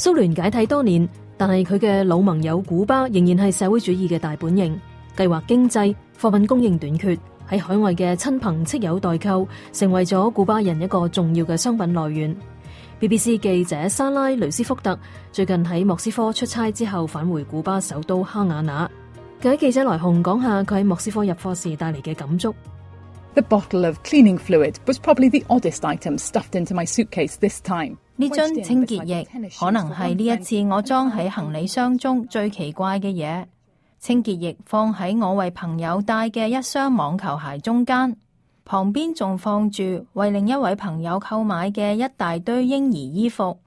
蘇聯解體多年，但係佢嘅老盟友古巴仍然係社會主義嘅大本營，計劃經濟、貨品供應短缺，喺海外嘅親朋戚友代購，成為咗古巴人一個重要嘅商品來源。BBC 記者莎拉·雷斯福特最近喺莫斯科出差之後，返回古巴首都哈瓦那，佢喺記者來鴻講下佢喺莫斯科入貨時帶嚟嘅感觸。The bottle of cleaning fluid was probably the oddest item stuffed into my suitcase this time. 呢樽清潔液可能係呢一次我裝喺行李箱中最奇怪嘅嘢。清潔液放喺我為朋友帶嘅一雙網球鞋中間，旁邊仲放住為另一位朋友購買嘅一大堆嬰兒衣服。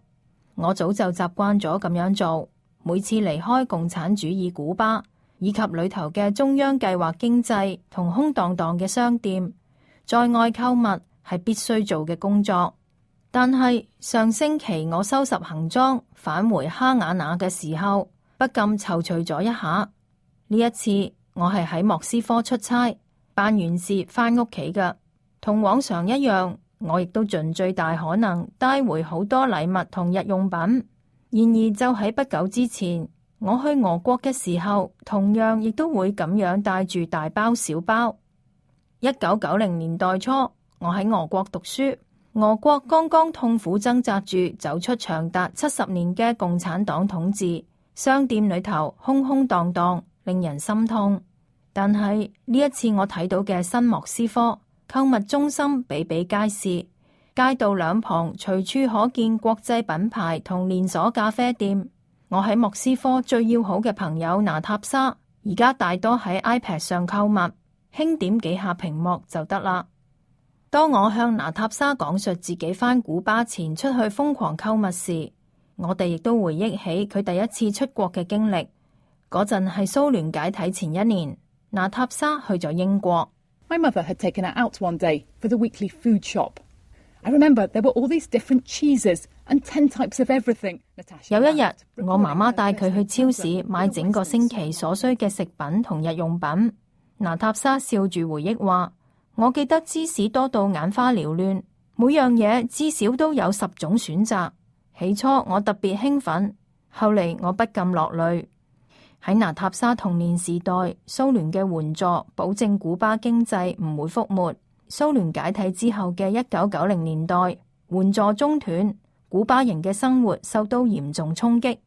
我早就習慣咗咁樣做。每次離開共產主義古巴，以及裏頭嘅中央計劃經濟同空蕩蕩嘅商店，在外購物係必須做嘅工作。但係上星期我收拾行裝返回哈瓦那嘅時候，不禁躊躇咗一下。呢一次我係喺莫斯科出差，辦完事翻屋企㗎，同往常一樣，我亦都盡最大可能帶回好多禮物同日用品。然而就喺不久之前，我去俄國嘅時候，同樣亦都會咁樣帶住大包小包。一九九零年代初，我喺俄國讀書。俄國剛剛痛苦掙扎住走出長達七十年嘅共產黨統治，商店裏頭空空蕩蕩，令人心痛。但係呢一次我睇到嘅新莫斯科購物中心比比皆是，街道兩旁隨處可見國際品牌同連鎖咖啡店。我喺莫斯科最要好嘅朋友娜塔莎，而家大多喺 iPad 上購物，輕點幾下屏幕就得啦。當我向娜塔莎講述自己返古巴前出去瘋狂購物時，我哋亦都回憶起佢第一次出國嘅經歷。嗰陣係蘇聯解體前一年，娜塔莎去咗英國。My mother had taken her out one day for the weekly food shop. I remember there were all these different cheeses and ten types of everything. 有一日，我媽媽帶佢去超市買整個星期所需嘅食品同日用品。娜塔莎笑住回憶話。我記得芝士多到眼花繚亂，每樣嘢至少都有十種選擇。起初我特別興奮，後嚟我不禁落淚。喺娜塔莎童年時代，蘇聯嘅援助保證古巴經濟唔會覆沒。蘇聯解體之後嘅一九九零年代，援助中斷，古巴人嘅生活受到嚴重衝擊。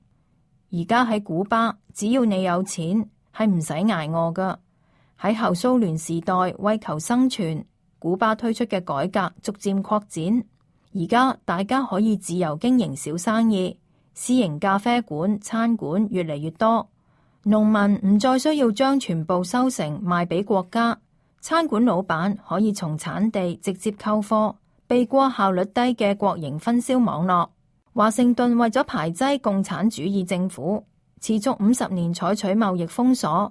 而家喺古巴，只要你有錢，係唔使捱餓㗎。喺後蘇聯時代，為求生存，古巴推出嘅改革逐漸擴展。而家大家可以自由經營小生意，私營咖啡館、餐館越嚟越多。農民唔再需要將全部收成賣俾國家，餐館老闆可以從產地直接購貨，避過效率低嘅國營分銷網絡。華盛頓為咗排擠共產主義政府，持續五十年採取貿易封鎖。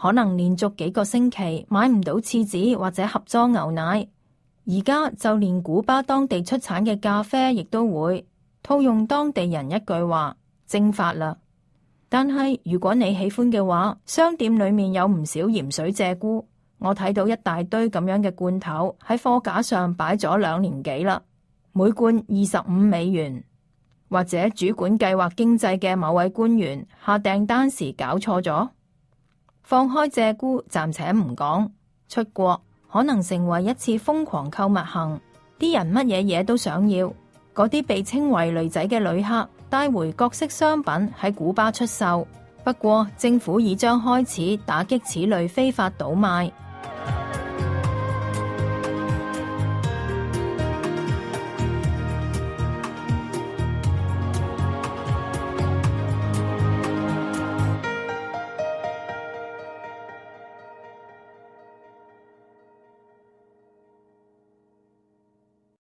可能連續幾個星期買唔到廁紙或者盒裝牛奶，而家就連古巴當地出產嘅咖啡亦都會套用當地人一句話，蒸發啦。但係如果你喜歡嘅話，商店裏面有唔少鹽水鷓鴣，我睇到一大堆咁樣嘅罐頭喺貨架上擺咗兩年幾啦，每罐二十五美元。或者主管計劃經濟嘅某位官員下訂單時搞錯咗。放開借估暫且唔講，出國可能成為一次瘋狂購物行，啲人乜嘢嘢都想要，嗰啲被稱為女仔嘅旅客帶回各式商品喺古巴出售，不過政府已將開始打擊此類非法倒賣。